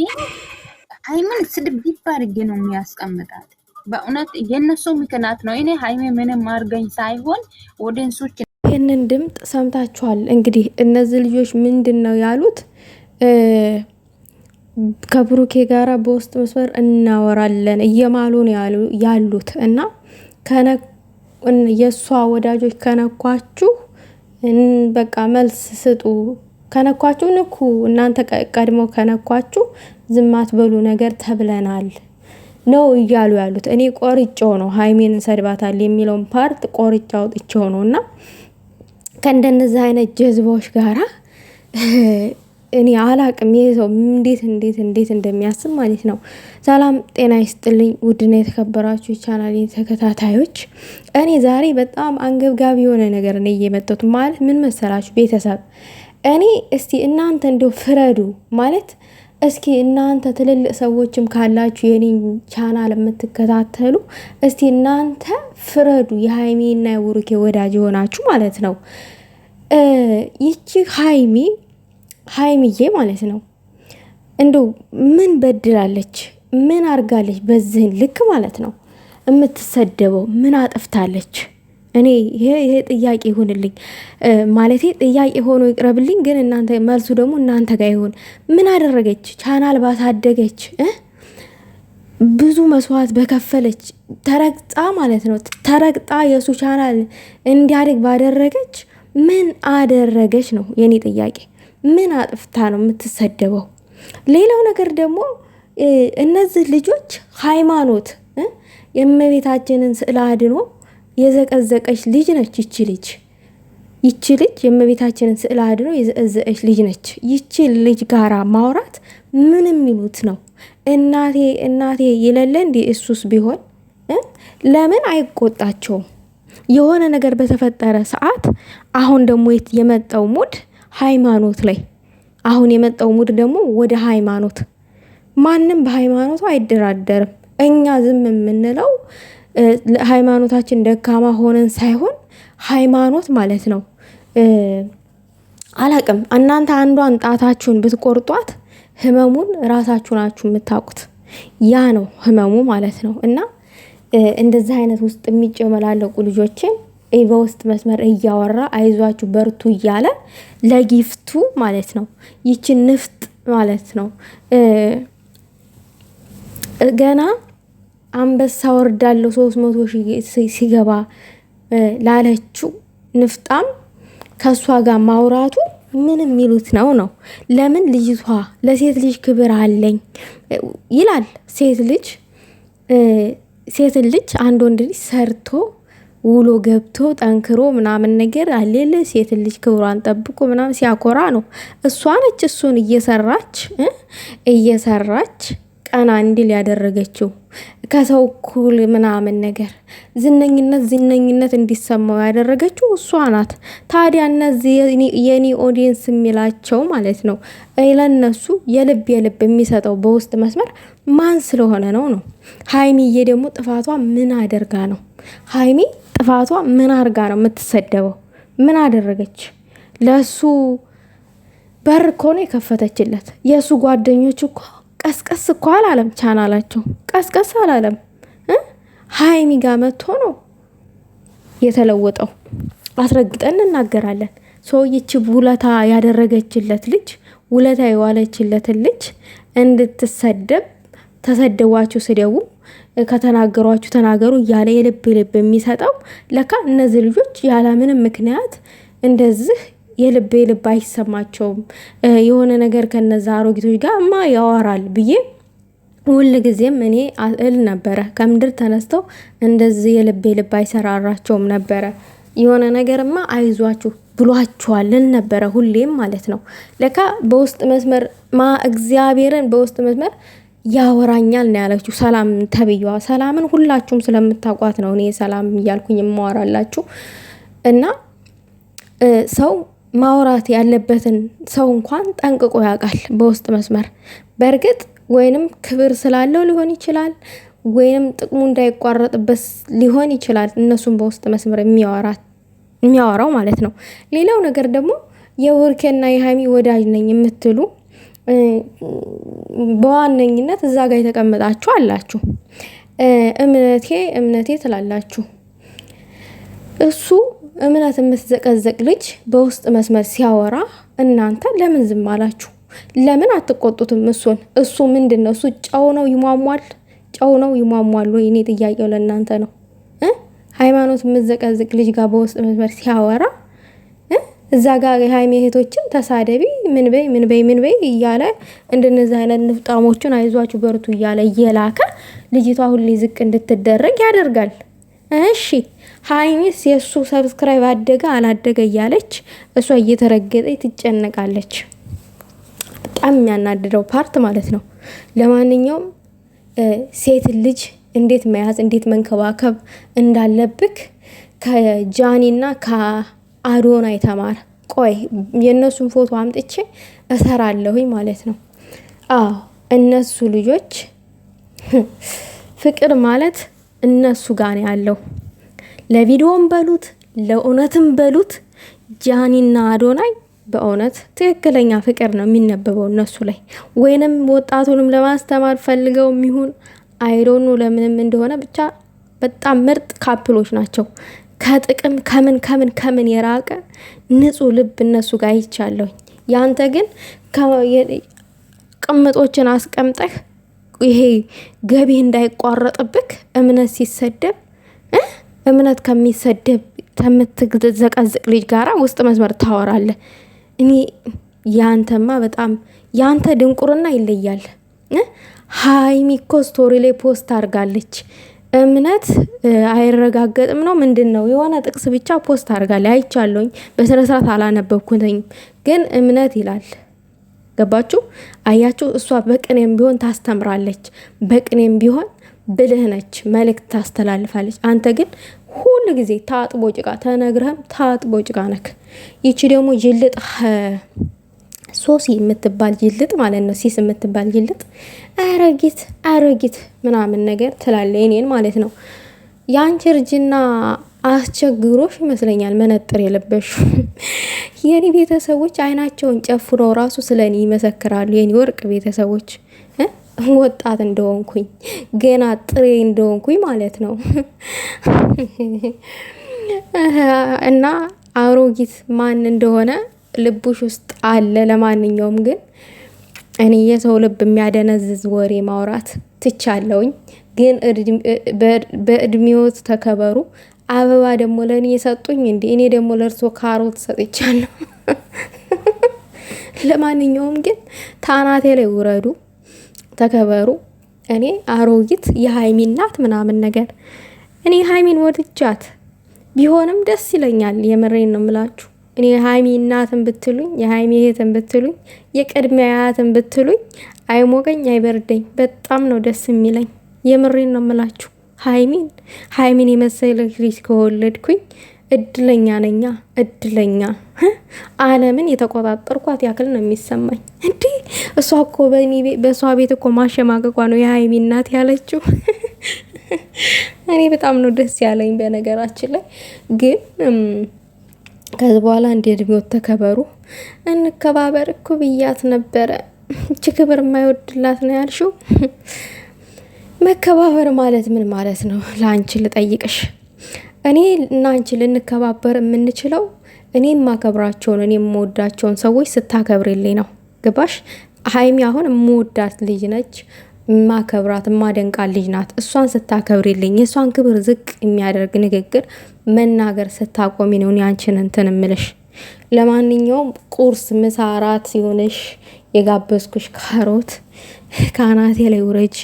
ይህ ሀይምን ስድብ ዲፕ አድርጌ ነው የሚያስቀምጣት። በእውነት የነሱ ምክንያት ነው። እኔ ሀይሜ ምንም አርገኝ ሳይሆን ወደንሶች ይህንን ድምፅ ሰምታችኋል። እንግዲህ እነዚህ ልጆች ምንድን ነው ያሉት? ከብሩኬ ጋራ በውስጥ መስመር እናወራለን እየማሉ ነው ያሉት እና የእሷ ወዳጆች ከነኳችሁ በቃ መልስ ስጡ ከነኳችሁ ንኩ። እናንተ ቀድሞ ከነኳችሁ ዝማት በሉ ነገር ተብለናል ነው እያሉ ያሉት። እኔ ቆርጬው ነው ሀይሜን እንሰድባታል የሚለውን ፓርት ቆርጬ አውጥቼው ነው እና ከእንደነዚህ አይነት ጀዝባዎች ጋራ እኔ አላቅም። ይሄ ሰው እንዴት እንዴት እንዴት እንደሚያስብ ማለት ነው። ሰላም ጤና ይስጥልኝ። ውድና የተከበራችሁ የቻናል ተከታታዮች፣ እኔ ዛሬ በጣም አንገብጋቢ የሆነ ነገር ነው እየመጠቱ ማለት ምን መሰላችሁ ቤተሰብ እኔ እስቲ እናንተ እንደው ፍረዱ ማለት እስኪ እናንተ ትልልቅ ሰዎችም ካላችሁ የኔን ቻናል የምትከታተሉ እስቲ እናንተ ፍረዱ። የሀይሜ እና የቡሩኬ ወዳጅ የሆናችሁ ማለት ነው። ይቺ ሀይሜ ሀይሚዬ ማለት ነው እንደው ምን በድላለች? ምን አርጋለች? በዚህን ልክ ማለት ነው የምትሰደበው ምን አጥፍታለች? እኔ ይሄ ይሄ ጥያቄ ይሁንልኝ ማለት ጥያቄ ሆኖ ይቅረብልኝ። ግን እናንተ መልሱ ደግሞ እናንተ ጋር ይሁን። ምን አደረገች? ቻናል ባሳደገች ብዙ መስዋዕት በከፈለች ተረግጣ ማለት ነው ተረግጣ የእሱ ቻናል እንዲያድግ ባደረገች ምን አደረገች ነው የኔ ጥያቄ። ምን አጥፍታ ነው የምትሰደበው? ሌላው ነገር ደግሞ እነዚህ ልጆች ሃይማኖት የእመቤታችንን ስዕል አድኖ የዘቀዘቀች ልጅ ነች ይቺ ልጅ ይቺ ልጅ የእመቤታችንን ስዕል አድኖ የዘቀዘቀች ልጅ ነች። ይቺ ልጅ ጋራ ማውራት ምን የሚሉት ነው? እናቴ እናቴ የሌለ እንዲ እሱስ ቢሆን ለምን አይቆጣቸውም? የሆነ ነገር በተፈጠረ ሰዓት አሁን ደግሞ የመጣው ሙድ ሃይማኖት ላይ አሁን የመጣው ሙድ ደግሞ ወደ ሃይማኖት ማንም በሃይማኖቱ አይደራደርም። እኛ ዝም የምንለው ሃይማኖታችን ደካማ ሆነን ሳይሆን ሃይማኖት ማለት ነው። አላቅም እናንተ አንዷን ጣታችሁን ብትቆርጧት ህመሙን ራሳችሁ ናችሁ የምታውቁት። ያ ነው ህመሙ ማለት ነው። እና እንደዚህ አይነት ውስጥ የሚጨመላለቁ ልጆችን በውስጥ መስመር እያወራ አይዟችሁ በርቱ እያለ ለጊፍቱ ማለት ነው ይችን ንፍጥ ማለት ነው ገና አንበሳ ወርዳለሁ ሶስት መቶ ሲገባ ላለችው ንፍጣም ከእሷ ጋር ማውራቱ ምን የሚሉት ነው ነው? ለምን ልጅቷ ለሴት ልጅ ክብር አለኝ ይላል። ሴት ልጅ ሴት ልጅ አንድ ወንድ ልጅ ሰርቶ ውሎ ገብቶ ጠንክሮ ምናምን ነገር አሌለ ሴት ልጅ ክብሯን ጠብቆ ምናምን ሲያኮራ ነው። እሷ ነች እሱን እየሰራች እየሰራች ቀና እንዲል ያደረገችው። ከሰው እኩል ምናምን ነገር ዝነኝነት ዝነኝነት እንዲሰማው ያደረገችው እሷ ናት። ታዲያ እነዚህ የኔ ኦዲየንስ የሚላቸው ማለት ነው ለነሱ የልብ የልብ የሚሰጠው በውስጥ መስመር ማን ስለሆነ ነው ነው። ሀይሚዬ ደግሞ ጥፋቷ ምን አደርጋ ነው? ሀይሚ ጥፋቷ ምን አድርጋ ነው የምትሰደበው? ምን አደረገች? ለእሱ በር እኮ ነው የከፈተችለት። የእሱ ጓደኞች እኮ ቀስቀስ እኮ አላለም ቻናላቸው ቀስቀስ አላለም። ሀይሚ ጋ መጥቶ ነው የተለወጠው። አስረግጠን እናገራለን። ሰውይች ውለታ ያደረገችለት ልጅ ውለታ የዋለችለትን ልጅ እንድትሰደብ ተሰደቧችሁ ስደቡ ከተናገሯችሁ ተናገሩ እያለ የልብ ልብ የሚሰጠው ለካ እነዚህ ልጆች ያለምንም ምክንያት እንደዚህ የልቤ ልብ አይሰማቸውም። የሆነ ነገር ከነዛ አሮጊቶች ጋር እማ ያወራል ብዬ ሁል ጊዜም እኔ እል ነበረ። ከምድር ተነስተው እንደዚህ የልቤ ልብ አይሰራራቸውም ነበረ። የሆነ ነገርማ አይዟችሁ ብሏችኋል እል ነበረ ሁሌም ማለት ነው። ለካ በውስጥ መስመር ማ እግዚአብሔርን በውስጥ መስመር ያወራኛል ነው ያለችው። ሰላም ተብዬዋ ሰላምን ሁላችሁም ስለምታውቋት ነው እኔ ሰላም እያልኩኝ የማወራላችሁ እና ሰው ማውራት ያለበትን ሰው እንኳን ጠንቅቆ ያውቃል በውስጥ መስመር። በእርግጥ ወይንም ክብር ስላለው ሊሆን ይችላል ወይንም ጥቅሙ እንዳይቋረጥበት ሊሆን ይችላል። እነሱን በውስጥ መስመር የሚያወራው ማለት ነው። ሌላው ነገር ደግሞ የውርኬና የሀይሚ ወዳጅ ነኝ የምትሉ በዋነኝነት እዛ ጋር የተቀመጣችሁ አላችሁ። እምነቴ እምነቴ ትላላችሁ እሱ እምነት የምትዘቀዘቅ ልጅ በውስጥ መስመር ሲያወራ እናንተ ለምን ዝም አላችሁ? ለምን አትቆጡትም? እሱን እሱ ምንድን ነው እሱ ጨው ነው ይሟሟል፣ ጨው ነው ይሟሟል ወይ? እኔ ጥያቄው ለእናንተ ነው። ሃይማኖት የምትዘቀዝቅ ልጅ ጋር በውስጥ መስመር ሲያወራ እዛ ጋር የሃይሜ እህቶችን ተሳደቢ ምን በይ ምን በይ ምን በይ እያለ እንደነዚህ አይነት ንፍጣሞችን አይዟችሁ በርቱ እያለ እየላከ ልጅቷ ሁሌ ዝቅ እንድትደረግ ያደርጋል። እሺ ሀይሚስ የእሱ ሰብስክራይብ አደገ አላደገ እያለች እሷ እየተረገጠ ትጨነቃለች። በጣም የሚያናድደው ፓርት ማለት ነው። ለማንኛውም ሴት ልጅ እንዴት መያዝ እንዴት መንከባከብ እንዳለብክ ከጃኒና ከአዶና የተማረ ቆይ የእነሱን ፎቶ አምጥቼ እሰራለሁኝ ማለት ነው። አዎ እነሱ ልጆች ፍቅር ማለት እነሱ ጋር ነው ያለው። ለቪዲዮም በሉት ለእውነትም በሉት ጃኒና አዶናይ በእውነት ትክክለኛ ፍቅር ነው የሚነበበው እነሱ ላይ ወይንም ወጣቱንም ለማስተማር ፈልገው የሚሆን አይሮኑ ለምንም እንደሆነ ብቻ በጣም ምርጥ ካፕሎች ናቸው። ከጥቅም ከምን ከምን ከምን የራቀ ንጹሕ ልብ እነሱ ጋር ይቻለሁኝ። ያንተ ግን ቅምጦችን አስቀምጠህ ይሄ ገቢ እንዳይቋረጥብክ እምነት ሲሰደብ እምነት ከሚሰደብ ከምትዘቀዝቅ ልጅ ጋራ ውስጥ መስመር ታወራለ እኔ ያንተማ በጣም ያንተ ድንቁርና ይለያል። ሀይሚ እኮ ስቶሪ ላይ ፖስት አድርጋለች። እምነት አይረጋገጥም ነው ምንድን ነው? የሆነ ጥቅስ ብቻ ፖስት አድርጋለች አይቻለሁኝ። በስነስርዓት አላነበብኩትኝም፣ ግን እምነት ይላል። ገባችሁ? አያችሁ፣ እሷ በቅኔም ቢሆን ታስተምራለች፣ በቅኔም ቢሆን ብልህ ነች፣ መልእክት ታስተላልፋለች። አንተ ግን ሁሉ ጊዜ ታጥቦ ጭቃ፣ ተነግረህም ታጥቦ ጭቃ ነክ። ይቺ ደግሞ ጅልጥ ሶሲ የምትባል ጅልጥ ማለት ነው። ሲስ የምትባል ጅልጥ አረጊት አረጊት ምናምን ነገር ትላለ እኔን ማለት ነው የአንቺ እርጅና አስቸግሮሽ ይመስለኛል መነጥር የለበሹ። የኔ ቤተሰቦች አይናቸውን ጨፍነው ራሱ ስለ እኔ ይመሰክራሉ። የኔ ወርቅ ቤተሰቦች ወጣት እንደሆንኩኝ ገና ጥሬ እንደሆንኩኝ ማለት ነው እና አሮጊት ማን እንደሆነ ልቡሽ ውስጥ አለ። ለማንኛውም ግን እኔ የሰው ልብ የሚያደነዝዝ ወሬ ማውራት ትቻለውኝ፣ ግን በእድሜዎት ተከበሩ። አበባ ደግሞ ለእኔ የሰጡኝ እንዲ እኔ ደግሞ ለእርሶ ካሮት ሰጥቻለሁ። ለማንኛውም ግን ታናቴ ላይ ውረዱ፣ ተከበሩ። እኔ አሮጊት የሀይሚናት ምናምን ነገር እኔ ሀይሚን ወድጃት ቢሆንም ደስ ይለኛል። የምሬን ነው ምላችሁ። እኔ የሀይሚ እናትን ብትሉኝ፣ የሀይሚ እህትን ብትሉኝ፣ የቅድሚያ አያትን ብትሉኝ አይሞቀኝ አይበርደኝ። በጣም ነው ደስ የሚለኝ። የምሬን ነው ምላችሁ። ሀይሚን ሀይሚን የመሰለ ልጅ ከወለድኩኝ እድለኛ ነኛ እድለኛ አለምን የተቆጣጠርኳት ያክል ነው የሚሰማኝ። እንዴ እሷ እኮ በእሷ ቤት እኮ ማሸማቀቋ ነው የሀይሚ እናት ያለችው። እኔ በጣም ነው ደስ ያለኝ። በነገራችን ላይ ግን ከዚህ በኋላ እንዲ እድሜዎት ተከበሩ፣ እንከባበር እኮ ብያት ነበረ። ች ክብር የማይወድላት ነው ያልሽው መከባበር ማለት ምን ማለት ነው? ለአንቺ ልጠይቅሽ። እኔ እና አንቺ ልንከባበር የምንችለው እኔ የማከብራቸውን እኔ የምወዳቸውን ሰዎች ስታከብርልኝ ነው። ግባሽ? ሀይሚ አሁን የምወዳት ልጅ ነች፣ ማከብራት ማደንቃት ልጅ ናት። እሷን ስታከብርልኝ የእሷን ክብር ዝቅ የሚያደርግ ንግግር መናገር ስታቆሚ ነው እኔ አንቺን እንትን እምልሽ። ለማንኛውም ቁርስ፣ ምሳ፣ ራት ሲሆንሽ የጋበዝኩሽ ካሮት ከአናቴ ላይ ውረጅ።